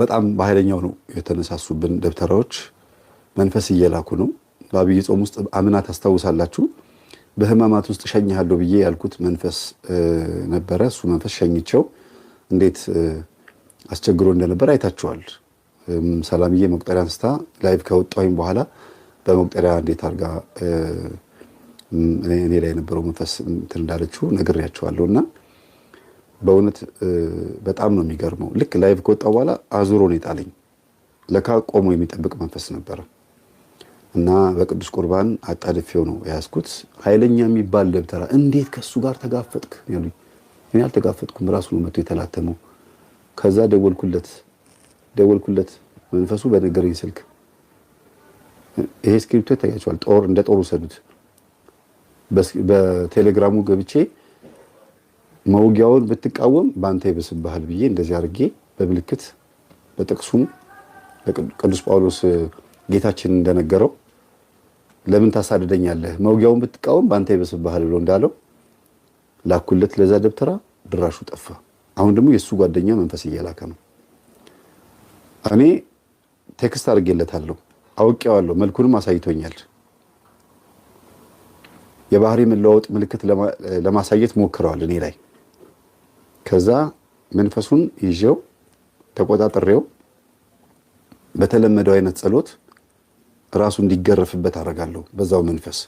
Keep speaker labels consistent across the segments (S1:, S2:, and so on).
S1: በጣም በኃይለኛው ነው የተነሳሱብን ደብተራዎች መንፈስ እየላኩ ነው። በአብይ ጾም ውስጥ አምና ታስታውሳላችሁ። በህማማት ውስጥ ሸኝሃለሁ ብዬ ያልኩት መንፈስ ነበረ። እሱ መንፈስ ሸኝቸው እንዴት አስቸግሮ እንደነበር አይታችኋል። ሰላምዬ መቁጠሪያ አንስታ ላይቭ ከወጣሁኝ በኋላ በመቁጠሪያ እንዴት አድርጋ እኔ ላይ የነበረው መንፈስ እንትን እንዳለችው ነግሬያችኋለሁ እና በእውነት በጣም ነው የሚገርመው። ልክ ላይቭ ከወጣ በኋላ አዙሮ ነው የጣለኝ። ለካ ቆሞ የሚጠብቅ መንፈስ ነበረ እና በቅዱስ ቁርባን አጣድፌው ነው የያዝኩት። ኃይለኛ የሚባል ደብተራ እንዴት ከእሱ ጋር ተጋፈጥክ ያሉኝ፣ እኔ አልተጋፈጥኩም፣ ራሱ ነው የተላተመው። ከዛ ደወልኩለት ደወልኩለት መንፈሱ በነገረኝ ስልክ ይሄ ስክሪፕቶ ይታያቸዋል። ጦር እንደ ጦር ውሰዱት። በቴሌግራሙ ገብቼ መውጊያውን ብትቃወም በአንተ ይብስብሃል ብዬ እንደዚህ አድርጌ በምልክት በጥቅሱም ቅዱስ ጳውሎስ ጌታችን እንደነገረው ለምን ታሳድደኛለህ? መውጊያውን ብትቃወም በአንተ ይብስብሃል ብሎ እንዳለው ላኩለት ለዛ ደብተራ ድራሹ ጠፋ። አሁን ደግሞ የእሱ ጓደኛ መንፈስ እየላከ ነው። እኔ ቴክስት አድርጌለታለሁ፣ አውቄዋለሁ፣ መልኩንም አሳይቶኛል። የባህሪ መለዋወጥ ምልክት ለማሳየት ሞክረዋል እኔ ላይ ከዛ መንፈሱን ይዤው ተቆጣጥሬው በተለመደው አይነት ጸሎት ራሱ እንዲገረፍበት አደርጋለሁ። በዛው መንፈስ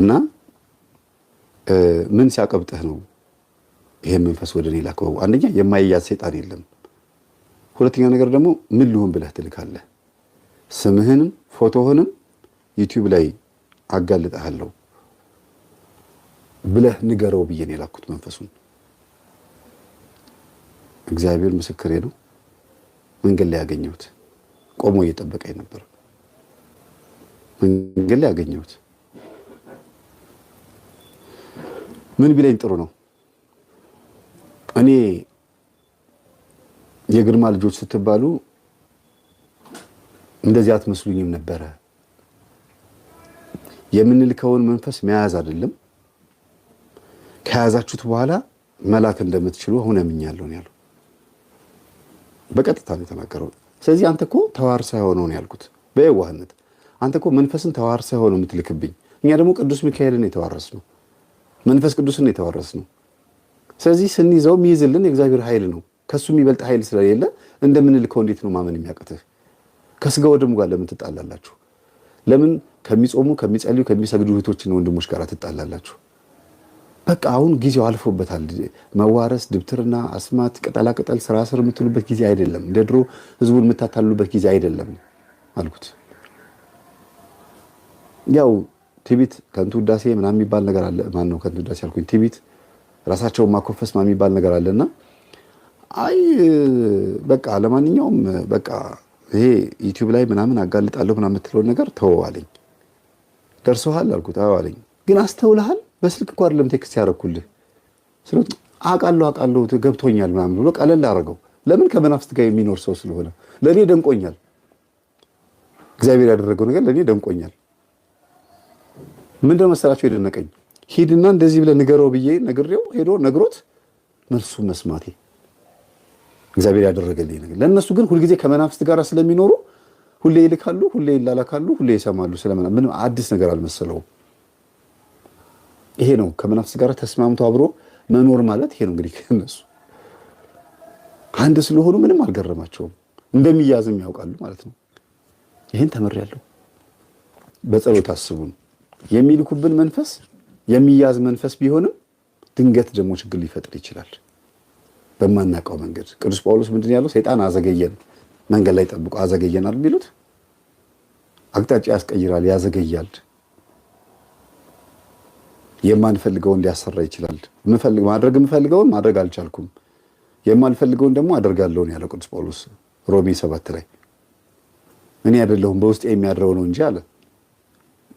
S1: እና ምን ሲያቀብጥህ ነው ይሄን መንፈስ ወደ እኔ ላከው? አንደኛ የማይያዝ ሰይጣን የለም። ሁለተኛ ነገር ደግሞ ምን ልሆን ብለህ ትልካለህ። ስምህንም ፎቶህንም ዩቲዩብ ላይ አጋልጠሃለሁ ብለህ ንገረው ብዬ ነው የላኩት መንፈሱን። እግዚአብሔር ምስክሬ ነው። መንገድ ላይ ያገኘሁት ቆሞ እየጠበቀኝ ነበር። መንገድ ላይ ያገኘሁት ምን ቢለኝ ጥሩ ነው። እኔ የግርማ ልጆች ስትባሉ እንደዚህ አትመስሉኝም ነበረ። የምንልከውን መንፈስ መያዝ አይደለም ከያዛችሁት በኋላ መላክ እንደምትችሉ አሁን አምኛለሁ ነው ያለው። በቀጥታ ነው የተናገረው። ስለዚህ አንተ እኮ ተዋርሳ የሆነው ነው ያልኩት በየዋህነት አንተ እኮ መንፈስን ተዋርሳ የሆነው የምትልክብኝ፣ እኛ ደግሞ ቅዱስ ሚካኤልን የተዋረስ ነው መንፈስ ቅዱስን የተዋረስ ነው። ስለዚህ ስንይዘው የሚይዝልን የእግዚአብሔር ኃይል ነው። ከሱ የሚበልጥ ኃይል ስለሌለ እንደምንልከው እንዴት ነው ማመን የሚያቅትህ? ከስጋ ወደሙ ጋር ለምን ትጣላላችሁ? ለምን ከሚጾሙ ከሚጸልዩ ከሚሰግዱ እህቶችን ወንድሞች ጋር ትጣላላችሁ? በቃ አሁን ጊዜው አልፎበታል። መዋረስ፣ ድብትርና፣ አስማት፣ ቅጠላቅጠል ስራ ስር የምትሉበት ጊዜ አይደለም። እንደ ድሮ ህዝቡን የምታታሉበት ጊዜ አይደለም አልኩት። ያው ቲቢት ከንቱ ውዳሴ ምናምን የሚባል ነገር አለ። ማን ነው ከንቱ ውዳሴ አልኩኝ። ቲቢት ራሳቸውን ማኮፈስ ምናምን የሚባል ነገር አለ አለና አይ በቃ ለማንኛውም በቃ ይሄ ዩቲዩብ ላይ ምናምን አጋልጣለሁ ምናምን የምትለውን ነገር ተወው አለኝ። ደርሶሃል አልኩት። አዎ አለኝ። ግን አስተውልሃል በስልክ እኮ አይደለም ቴክስት ያደረኩልህ ስለ አቃለሁ አቃለሁ ገብቶኛል ምናምን ብሎ ቀለል አደረገው። ለምን ከመናፍስት ጋር የሚኖር ሰው ስለሆነ። ለእኔ ደንቆኛል፣ እግዚአብሔር ያደረገው ነገር ለእኔ ደንቆኛል። ምንድን መሰላቸው የደነቀኝ? ሂድና እንደዚህ ብለህ ንገረው ብዬ ነግሬው ሄዶ ነግሮት መልሱ መስማቴ እግዚአብሔር ያደረገልኝ ነገር። ለእነሱ ግን ሁልጊዜ ከመናፍስት ጋር ስለሚኖሩ ሁሌ ይልካሉ፣ ሁሌ ይላላካሉ፣ ሁሌ ይሰማሉ። ስለምንም አዲስ ነገር አልመሰለውም። ይሄ ነው ከመናፍስ ጋር ተስማምቶ አብሮ መኖር ማለት ይሄ ነው። እንግዲህ ከነሱ አንድ ስለሆኑ ምንም አልገረማቸውም፣ እንደሚያዝም ያውቃሉ ማለት ነው። ይህን ተምሬያለሁ። በጸሎት አስቡን። የሚልኩብን መንፈስ የሚያዝ መንፈስ ቢሆንም ድንገት ደግሞ ችግር ሊፈጥር ይችላል በማናውቀው መንገድ። ቅዱስ ጳውሎስ ምንድን ያለው ሰይጣን አዘገየን፣ መንገድ ላይ ጠብቆ አዘገየናል የሚሉት አቅጣጫ ያስቀይራል፣ ያዘገያል የማንፈልገውን ሊያሰራ ይችላል። ማድረግ የምፈልገውን ማድረግ አልቻልኩም፣ የማልፈልገውን ደግሞ አደርጋለሁ ያለ ቅዱስ ጳውሎስ ሮሜ ሰባት ላይ እኔ አይደለሁም በውስጥ የሚያድረው ነው እንጂ አለ።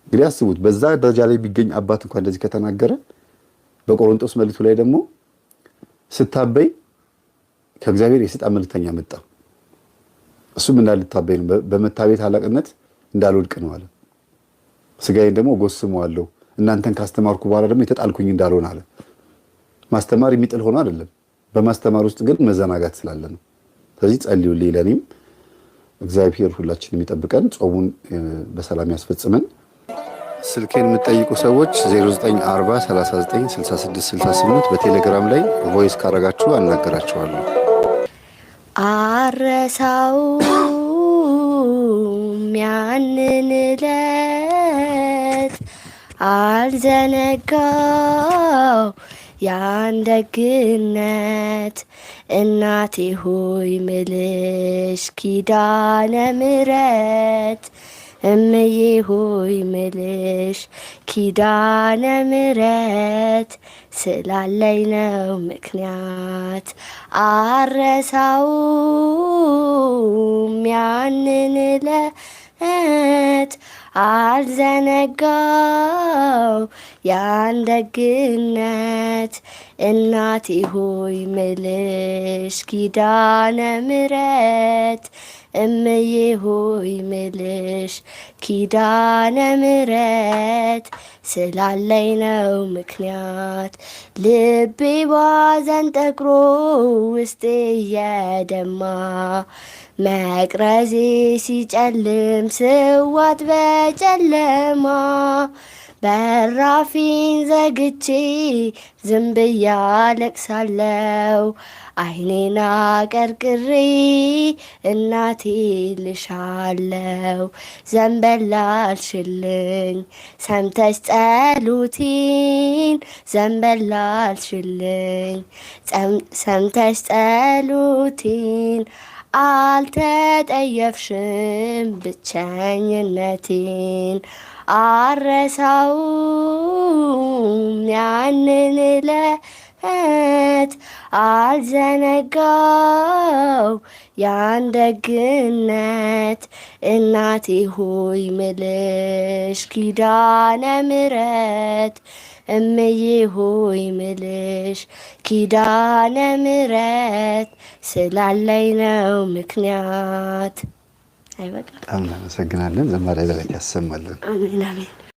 S1: እንግዲህ አስቡት፣ በዛ ደረጃ ላይ የሚገኝ አባት እንኳን እንደዚህ ከተናገረ፣ በቆሮንቶስ መልእክቱ ላይ ደግሞ ስታበይ ከእግዚአብሔር የሰይጣን መልክተኛ መጣ፣ እሱም እንዳልታበይ ነው፣ በመታቤት ታላቅነት እንዳልወድቅ ነው አለ። ስጋዬን ደግሞ ጎስመዋለሁ እናንተን ካስተማርኩ በኋላ ደግሞ የተጣልኩኝ እንዳልሆን አለ። ማስተማር የሚጥል ሆኖ አይደለም፣ በማስተማር ውስጥ ግን መዘናጋት ስላለ ነው። ስለዚህ ጸልዩልኝ ለእኔም። እግዚአብሔር ሁላችን የሚጠብቀን ጾሙን በሰላም ያስፈጽመን። ስልኬን የምትጠይቁ ሰዎች 0940396668 በቴሌግራም ላይ ቮይስ ካረጋችሁ አናገራችኋለሁ።
S2: አረሳው ያንን ዕለት አልዘነጋው ያን እናቴ ሆይ ምልሽ ኪዳነ ምረት እምዬ ሆይ ምልሽ ኪዳነ ምረት ስላለይ ነው ምክንያት አረሳውም ያንን ለ አልዘነጋው ያን ደግነት እናቴ ሆይ ምልሽ ኪዳነ ምሕረት እምዬ ሆይ ምልሽ ኪዳነ ምረት ስላለኝ ነው ምክንያት ልቤ ባዘን ጠቅሮ ውስጤ እየደማ መቅረዜ ሲጨልም ስዋት በጨለማ በራፊን ዘግቼ ዝም ብዬ አይኔና ቀርቅሪ እናቴ ልሻለው ዘንበል አልሽልኝ ሰምተሽ ጸሎቴን ዘንበል አልሽልኝ ሰምተሽ ጸሎቴን አልተጠየፍሽም ብቸኝነቴን አረሳውም ያንን አልዘነጋው ያን ደግነት እናቴ ሆይ ምልሽ ኪዳነ ምሕረት እምዬ ሆይ ምልሽ ኪዳነ ምሕረት ስላለኝ ነው ምክንያት።
S1: እናመሰግናለን። ዘማሪ ያሰማለን።
S2: አሜን አሜን።